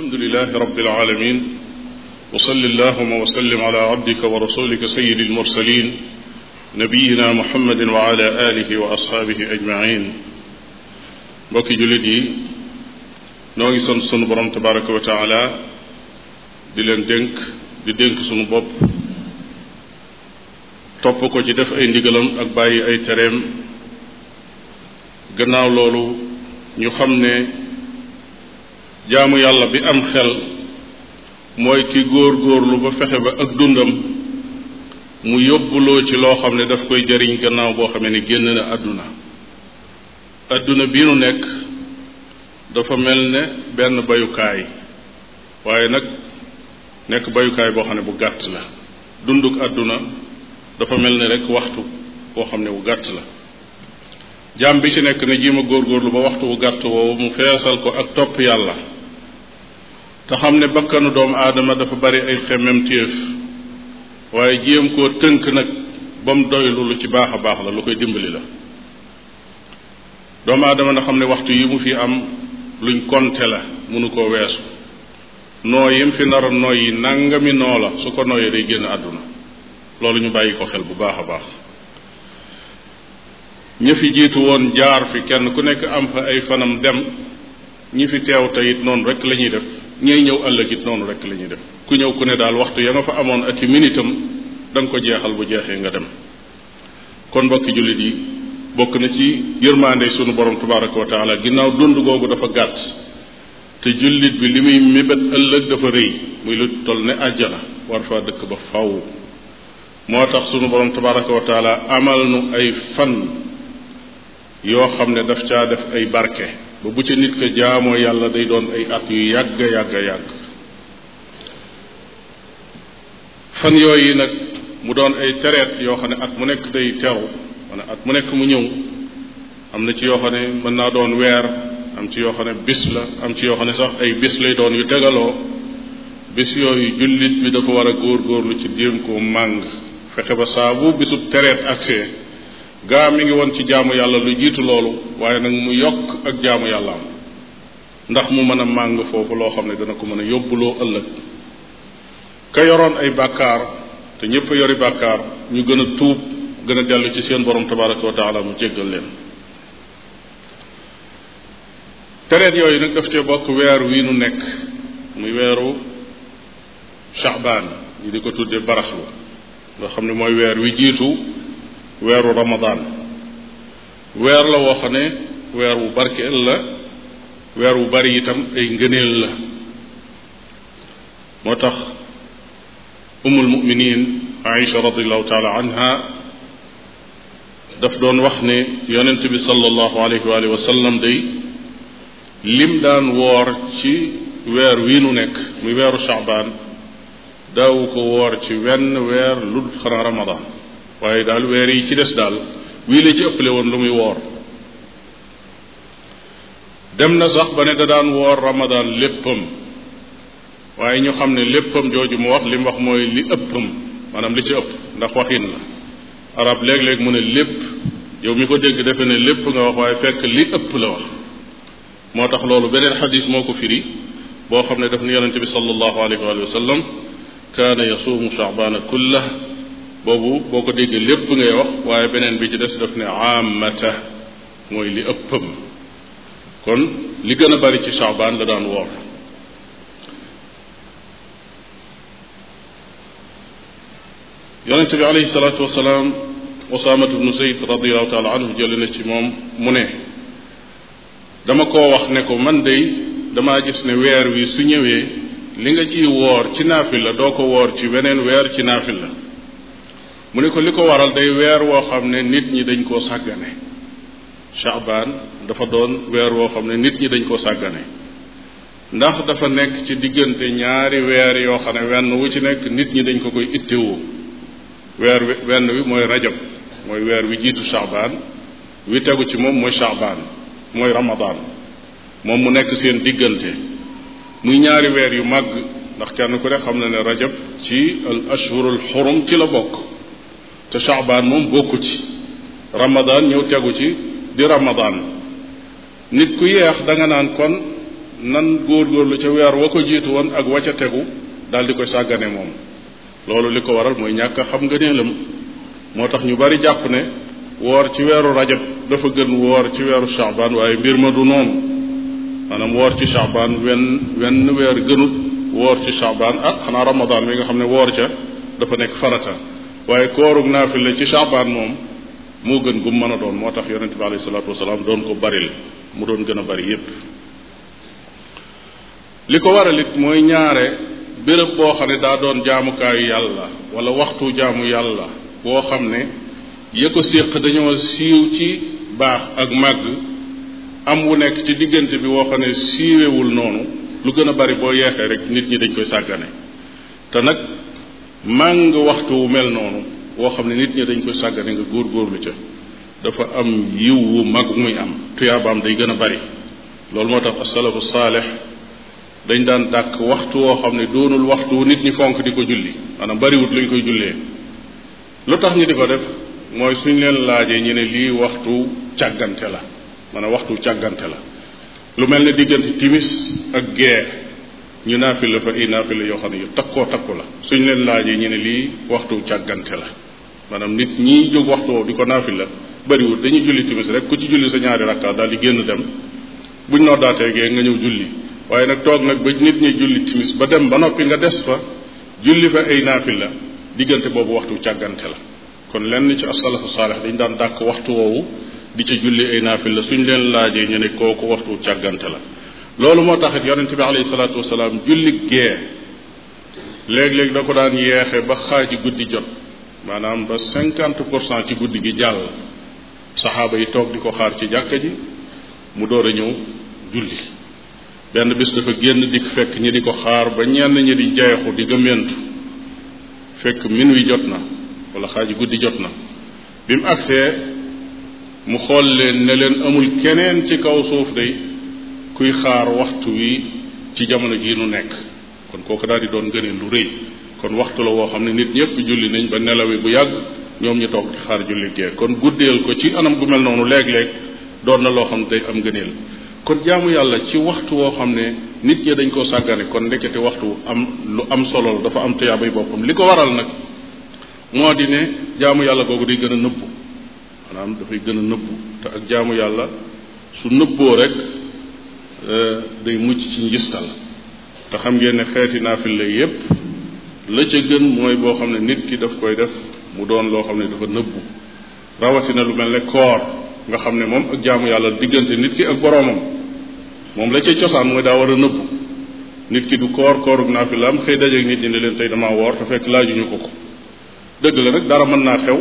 alhamdulilahi rabbil alamin wa salli allahuma wa sallim ala abdika wa rasulika sayidi almursalin nabiyina muhammadin wa ala alihi wa ashaabihi ajmain mbokki jullit yi noo ngi sant sunu borom tabaraka wa taala di leen dénk di dénk sunu bopp topp ko ci def ay ndigalam ak bàyyi ay tereem gannaaw loolu ñu xam ne jaamu yàlla bi am xel mooy ki góor góorlu ba fexe ba ak dundam mu yóbbuloo ci loo xam ne daf koy jariñ gannaaw boo xam ne génn na àdduna àdduna bii nu nekk dafa mel ne benn bayukaay waaye nag nekk bayukaay boo xam ne bu gàtt la dunduk àdduna dafa mel ne rek waxtu boo xam ne bu gàtt la jaam bi ci nekk ne ma góor góorgóorlu ba waxtu bu gàtt woowu mu feesal ko ak topp yàlla te xam ne bakkanu doomu aadama dafa bari ay xemmem téef waaye jéem koo tënk nag ba mu doylu ci baax a baax la lu koy dimbali la doomu aadama na xam ne waxtu yi mu fi am luñ konte la mënu koo weesu noo yim fi nara nooy yi nangami noo la su ko nooyee day génn àdduna loolu ñu bàyyi ko xel bu baax a baax ña fi jiitu woon jaar fi kenn ku nekk am fa ay fanam dem ñi fi teew te noonu rek la ñuy def ñay ñëw ëllëg it noonu rek lañuy ñuy def ku ñëw ku ne daal waxtu ya nga fa amoon ak ci minitam danga nga ko jeexal bu jeexee nga dem kon mbokki jullit yi bokk na ci yërmaande sunu borom tabaraka wa ginnaaw dund googu dafa gàtt te jullit bi li muy mébét ëllëg dafa rëy muy lu toll ne àjjana war faa dëkk ba faw moo tax sunu borom tabaraka wa taala amal nu ay fan yoo xam ne daf caa def ay barke ba bu ca nit ka jaamoo yàlla day doon ay at yu yàgg yàgg yàgg fan yooyu nag mu doon ay tereet yoo xam ne at mu nekk day teru maanaam at mu nekk mu ñëw am na ci yoo xam ne mën naa doon weer am ci yoo xam ne bis la am ci yoo xam ne sax ay bis lay doon yu tegaloo bis yooyu jullit bi dafa war a góorgóorlu ci jéem koo màng fexe ba saabu bisub tereet accès gaa mi ngi woon ci jaamu yàlla lu jiitu loolu waaye nag mu yokk ak jaamu yàlla am ndax mu mën a màng foofu loo xam ne dina ko mën a yóbbuloo ëllëg ka yoroon ay bàkkaar te ñëpp yori bàkkaar ñu gën a tuub gën a dellu ci seen borom tabaraka wa taala mu jéggal leen tereet yooyu nag daf cee bokk weer wii nu nekk muy weeru Shaabaan ñi di ko tuddee baraxlu nga xam ne mooy weer wi jiitu weeru ramadaan weer la woo xam ne weer wu barkeel la weer wu bari itam ay ngëneel la moo tax umul muminin aïcha radiallahu taala anha daf doon wax ne yonent bi sallallahu alayhi wa alihi wa sallam day lim daan woor ci weer wii nu nekk muy weeru shaabaan daawu ko woor ci wenn weer lu dul xanaa ramadaan waaye daal weer yi ci des daal wii la ci ëppale woon lu muy woor dem na sax ba ne da daan woor ramadaan léppam waaye ñu xam ne léppam jooju mu wax li mu wax mooy li ëppam maanaam li ci ëpp ndax waxin la arab léeg-léeg mu ne lépp yow mi ko dégg defe ne lépp nga wax waaye fekk li ëpp la wax moo tax loolu beneen xadis moo ko firi boo xam ne daf ni yonente bi sallallahu alayhi wa sallam kaana yasuumu shaabaana kullah boobu boo ko déggee lépp ngay wax waaye beneen bi ci des def ne amata mooy li ëppam kon li gën a bari ci Shaabaan la daan woor yonente bi alayhi salaatu wasalaam Usaamatu bnu Zayd radiallahu taala jële na ci moom mu ne dama ko wax ne ko man dey damaa gis ne weer wi su ñëwee li nga ciy woor ci naafil la doo ko woor ci weneen weer ci naafil la mu ne ko li ko waral day weer woo xam ne nit ñi dañ koo sàggane Shaaban dafa doon weer woo xam ne nit ñi dañ koo sàggane ndax dafa nekk ci diggante ñaari weer yoo xam ne wenn wu ci nekk nit ñi dañ ko koy ittewoo weer wi wenn wi mooy rajab mooy weer wi jiitu Shaaban wi tegu ci moom mooy Shaaban mooy Ramadan moom mu nekk seen diggante muy ñaari weer yu màgg ndax kenn ku ne xam na ne rajab ci al ashhurul xurum ci la bokk te chaabaan moom bokk ci ramadaan ñëw tegu ci di ramadaan nit ku yeex danga naan kon nan góor góorlu ca weer wa ko jiitu woon ak wa ca tegu daal di koy sàggane moom loolu li ko waral mooy ñàkk a xam ngëneelam moo tax ñu bari jàpp ne woor ci weeru rajab dafa gën woor ci weeru chaabaan waaye mbir ma du noonu maanaam woor ci chaabaan wenn wenn weer gënut woor ci chaabaan ah xanaa ramadaan bi nga xam ne woor ca dafa nekk farata waaye koorug naafila ci chaabaan moom moo gën gu mu mën a doon moo tax yonente bi alayhi salaatu wasalaam doon ko baril mu doon gën a bari yépp li ko waral it mooy ñaare bërëb boo xam ne daa doon jaamukaayu yàlla wala waxtu jaamu yàlla boo xam ne ya ko séq dañoo siiw ci baax ak màgg am wu nekk ci diggante bi woo xam ne siiwewul noonu lu gën a bari boo yeexee rek nit ñi dañ koy sàggane te nag màng waxtu wu mel noonu woo xam ne nit ñi dañ koy sàggane nga góor góorlu ca dafa am yiw wu mag muy am tuyaabaam day gën a bari loolu moo tax asalafu saalix dañ daan dàkk waxtu woo xam ne doonul waxtu nit ñi fonk di ko julli maanaam bariwut luñ koy jullee lu tax ñu di ko def mooy suñ leen laajee ñu ne lii waxtu càggante la maanaam waxtu càggante la lu mel ne diggante timis ak gee ñu naafila fa ay la yoo xam ne yu takkoo takku la suñ leen laajee ñu ne lii waxtu càggante la maanaam nit ñiy jóg waxtu woowu di ko la bariwul dañu julli timis rek ku ci julli sa ñaari rakka daal di génn dem buñ noo daatee gee nga ñëw julli waaye nag toog nag ba nit ñi julli timis ba dem ba noppi nga des fa julli fa ay la diggante boobu waxtu càggante la kon lenn ci asalafu saalix dañu daan dàkk waxtu woowu di ca julli ay naafila suñ leen laajee ñu ne kooku waxtu càggante la loolu moo taxit yonente bi alayhi salaam wasalaam julli gee léeg-léeg da ko daan yeexe ba xaaji guddi jot maanaam ba cinquante pour cent ci guddi gi jàll saxaaba yi toog di ko xaar ci jàkka ji mu door a ñëw julli benn bis dafa génn dikk fekk ñi di ko xaar ba ñenn ñi di jeexu di gëmmentu fekk wi jot na wala xaaji guddi jot na bi mu agsee mu xool leen ne leen amul keneen ci kaw suuf day kuy xaar waxtu wi ci jamono jii nu nekk kon kooku daal di doon gëneel lu rëy kon waxtu la woo xam ne nit ñëpp julli nañ ba nelawee bu yàgg ñoom ñu toog di xaar julli gee kon guddeel ko ci anam gu mel noonu léeg-léeg doon na loo xam ne day am gëneel kon jaamu yàlla ci waxtu woo xam ne nit ñi dañ koo sàggane kon ndekete waxtu am lu am solo la dafa am tuyaabay boppam li ko waral nag moo di ne jaamu yàlla googu day gën a nëbbu maanaam dafay Eh, day mucc ci njistal te xam ngeen ne xeeti naafile yépp la ca gën mooy boo xam ne nit ki daf koy def mu doon loo xam ne dafa nëbbu rawatina lu mel ne koor nga xam ne moom ak jaamu yàlla diggante nit ki ak boroomam moom la ca cosaan mooy daa war a nëbbu nit ki du koor koorug naafilaam xëy dajeeg nit ñi ne leen tey dama woor te fekk laajuñu ko ko dëgg la nag dara mën naa xew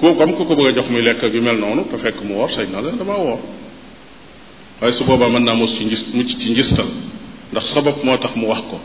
kooku am ku ko bëgg a jox muy lekk ak yu mel noonu te fekk mu woor sañ na leen waaye su boobaa mën naa mos ci ngis mucc ci ngistal ndax sabab moo tax mu wax ko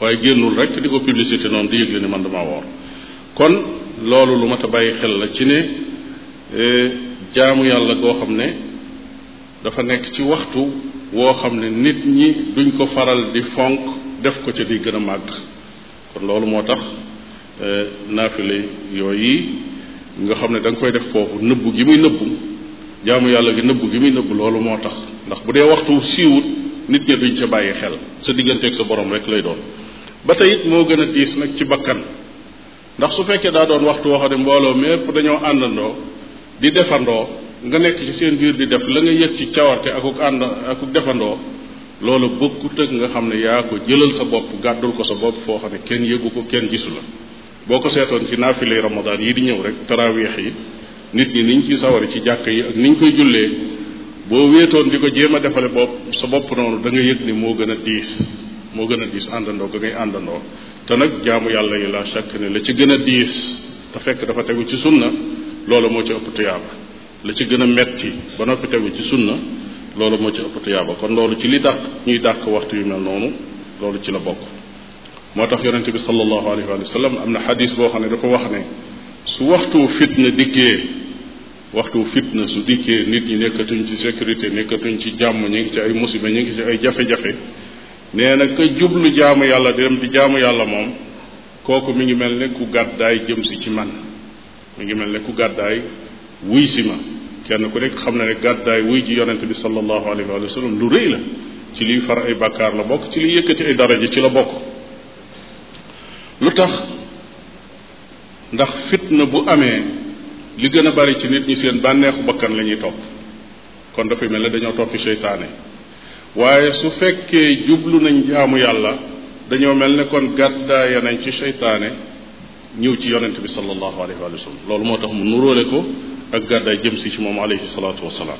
waaye génnul rek di ko publicité noonu di yëgle ne man damaa woor kon loolu lu mat a bàyyi xel la ci ne e, jaamu yàlla goo xam ne dafa nekk ci waxtu woo xam ne nit ñi duñ ko faral di fonk def ko ca di gën a màgg kon loolu moo tax e, naafile yooyu nga xam ne da koy def foofu nëbbu gi muy nëbbu jaamu yàlla gi nëbb bi muy nëbb loolu moo tax ndax bu dee waxtu siiwut nit ña duñ ca bàyyi xel sa digganteeg sa borom rek lay doon ba tey it moo gën a diis nag ci bakkan ndax su fekkee daa doon waxtu woo xam ne mbooloo mépp dañoo àndandoo di defandoo nga nekk ci seen biir di def la nga yëg ci cawarte akuk ànd akuk defandoo loolu bokkut ak nga xam ne yaa ko jëlal sa bopp gàddul ko sa bopp foo xam ne kenn yëgu ko kenn gisu la boo ko seetoon ci naafile ramadan yi di ñëw rek nit ñi niñ ciy saware ci jàkk yi ak niñ koy jullee boo wéetoon di ko jéem a defale bopp sa bopp noonu da nga yëg ni moo gën a diis moo gën a diis àndandoo ga ngay àndandoo te nag jaamu yàlla yi la chaque ne la ci gën a diis te fekk dafa tegu ci sunna loolu moo ci ëpp tuyaaba la ci gën a metti ba noppi tegu ci sunna loolu moo ci ëpp tuyaaba kon loolu ci li dàq ñuy dàq waxtu yu mel noonu loolu ci la bokk moo tax yonente bi sallallahu alayhi wa sallam am na xadis boo xam ne dafa wax su waxtu fitna dikkee waxtu fitna su dikkee nit ñi nekkatuñ ci sécurité nekkatuñ ci jàmm ñu ngi ci ay musiba ñu ngi ci ay jafe-jafe nee na ka jublu jaamu yàlla di dem di jaamu yàlla moom kooku mu ngi mel ne ku gàddaay jëm si ci man mu ngi mel ne ku gàddaay wuy si ma kenn ku nekk xam na ne gàddaay wuy ji yonente bi sallallahu alayhi wa sallam lu rëy la ci liy far ay bakkaar la bokk ci liy yëkkati ay daraja ci la bokk lu tax ndax fitna bu amee li gën a bari ci nit ñi seen bànneexu bakkan la ñuy topp kon dafay mel ni dañoo toppi seytaane waaye su fekkee jublu nañ jaamu yàlla dañoo mel ni kon gàddaaya nañ ci seytaane ñëw ci yonent bi sallallahu alayhi wa sallam loolu moo tax mu nuroole ko ak gàddaay jëm si ci moom alayhi salaatu wasalaam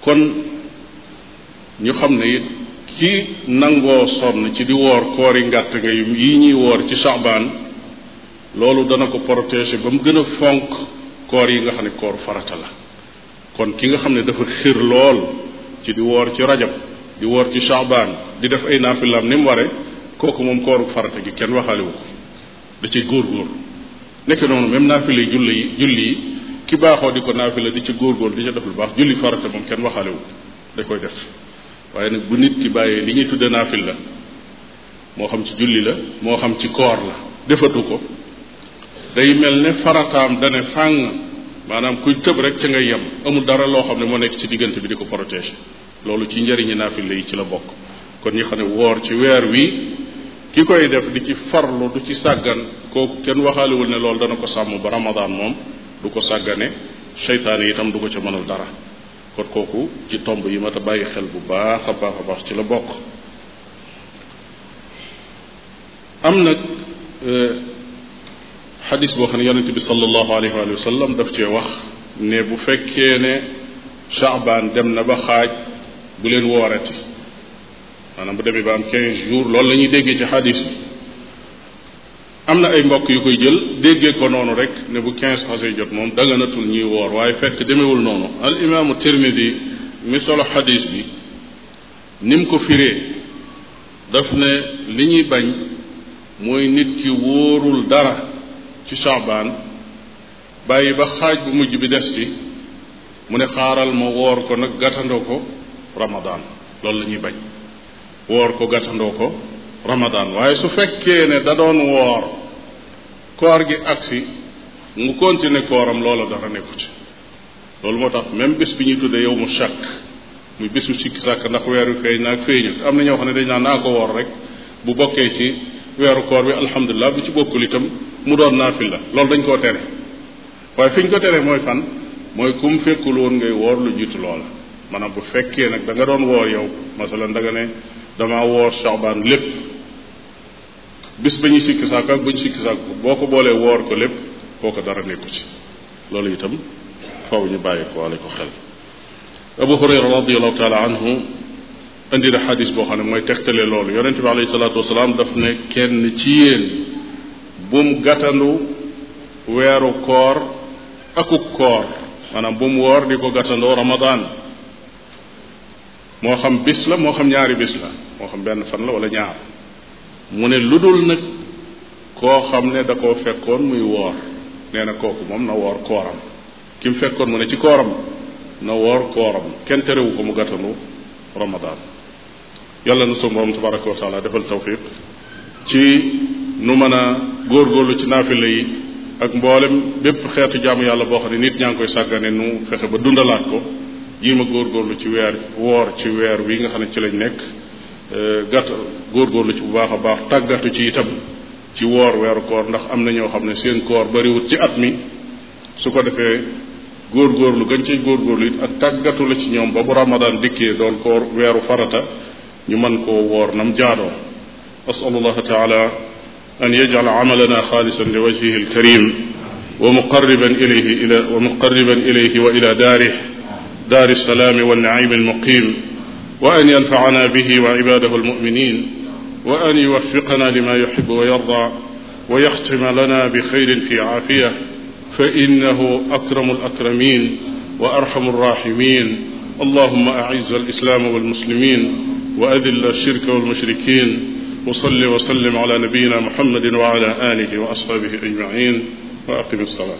kon ñu xam ne it ki nangoo sonn ci di woor koori ngàtt nga yi ñuy woor ci saabaan loolu dana ko protéger ba mu gën a fonk koor yi nga xam ne koor farata la kon ki nga xam ne dafa xir lool ci di woor ci rajab di woor ci shaabaan di def ay naafilaam ni mu waree kooku moom kooru farata gi kenn waxaalewu ko da ci góor nekk noonu même naafile yi julli yi julli yi ki baaxoo di ko naafile di ci góor góor di ca def lu baax julli farata moom kenn waxaalewu ko da koy def waaye nag bu nit ki bàyyee li ñuy tudde naafil la moo xam ci julli la moo xam ci koor la defatu ko day mel ne farataam dane fàng maanaam kuy tëb rek ca ngay yem amul dara loo xam ne moo nekk ci diggante bi di ko protéger loolu ci njëriñi naafile yi ci la bokk kon ñi xam ne woor ci weer wi ki koy def di ci farlu du ci sàggan kooku kenn waxaaliwul ne loolu dana ko sàmm ba ramadaan moom du ko sàggane seytaane itam du ko ca mënal dara kon kooku ci tomb yi mat a bàyyi xel bu baax a baax a baax ci la bokk am nag euh, xadis boo xam ne yonente bi sallallahu alayhi wa sallam daf cee wax ne bu fekkee ne chaabaan dem na ba xaaj bu leen woorati maanaam bu demee ba am quinze jours loolu la ñuy déggee ci xadis bi am na ay mbokk yu koy jël déggee ko noonu rek ne bu quinze xasee jot moom daganatul ñuy woor waaye fekk demewul noonu al imaamu tirmidi mi solo xadis bi ni ko firee daf ne li ñuy bañ mooy nit ki wóorul dara ci saabaan bàyyi ba xaaj bu mujj bi des ci mu ne xaaral ma woor ko nag gàttandoo ko ramadaan loolu la ñuy bañ woor ko gàttandoo ko ramadaan waaye su fekkee ne da doon woor koor gi agsi mu continuer kooram loola dara nekku ci loolu moo tax même bis bi ñuy tuddee yow mu chàkk muy bisu sikki sàkk ndax weer wi feeñ naag feeñut am na ñoo xam ne dañ naan naa ko woor rek bu bokkee ci weeru koor bi alhamdulilah bu ci bokkul tam mu doon la loolu dañ koo tere waaye fi ko tere mooy fan mooy ku mu fekkul woon ngay woor lu jiitu loola maanaam bu fekkee nag danga doon woor yow masalan da nga ne damaa woor Shaabaan lépp bis ba ñu sikki sàkk ak ñu sikki sàkk boo ko boolee woor ko lépp kooku dara nekku ci loolu itam faw ñu bàyyi ko wala ko xel Abu Hurayra radiyallahu taala anhu indi na xadis boo xam ne mooy tegtale loolu yonente bi alayhi salaatu wasalaam daf ne kenn ci yéen bum gàttandu weeru koor akuk koor maanaam mu woor di ko gàttandoo ramadaan moo xam bis la moo xam ñaari bis la moo xam benn fan la wala ñaar mu ne lu dul nag koo xam ne da koo fekkoon muy woor nee na kooku moom na woor kooram ki fekkoon mu ne ci kooram na woor kooram kenn terewu ko mu gàttandu ramadaan yàlla na sunu borom tabaraka wa taala defal tawfiq ci nu mën a góor góorlu ci naafila yi ak mboolem bépp xeetu jàmm yàlla boo xam ne nit ñaa ngi koy sàggane nu fexe ba dundalaat ko jéem a góorgóorlu ci weer woor ci weer wi nga xam ne ci lañ nekk euh, gàtt góorgóorlu ci bu baax a baax tàggatu ci itam ci woor weeru koor ndax am na ñoo xam ne seen koor bariwut ci at mi su ko defee góor góorgóorlu gën ci góorgóorlu it ak tàggatu la ci ñoom ba bu ramadan dikkee doon koor weeru farata ñu man koo woor nam jaadoo asalu allah taala an yajal amalana xaalisan li wajhihi alkarim wa muqarriban ilayhi ila wa muqarriban ilayhi wa ila daarih daari salaami wa naim almuqim wa an yanfacana bihi wa cibaadahu almuminin wa an yuwaffiqana lima yuxibu wa yarda wa yaxtima lana bi xayrin fi caafiya fa innahu akramu alakramin wa arhamu arrahimin allahuma aciz alislaam walmuslimin wa adilla shirka wal mushrikin wa salli wa sallim ala nabiyina muhammadin wa ala alihi wa ashabihi ajmain wa aqim alsalaa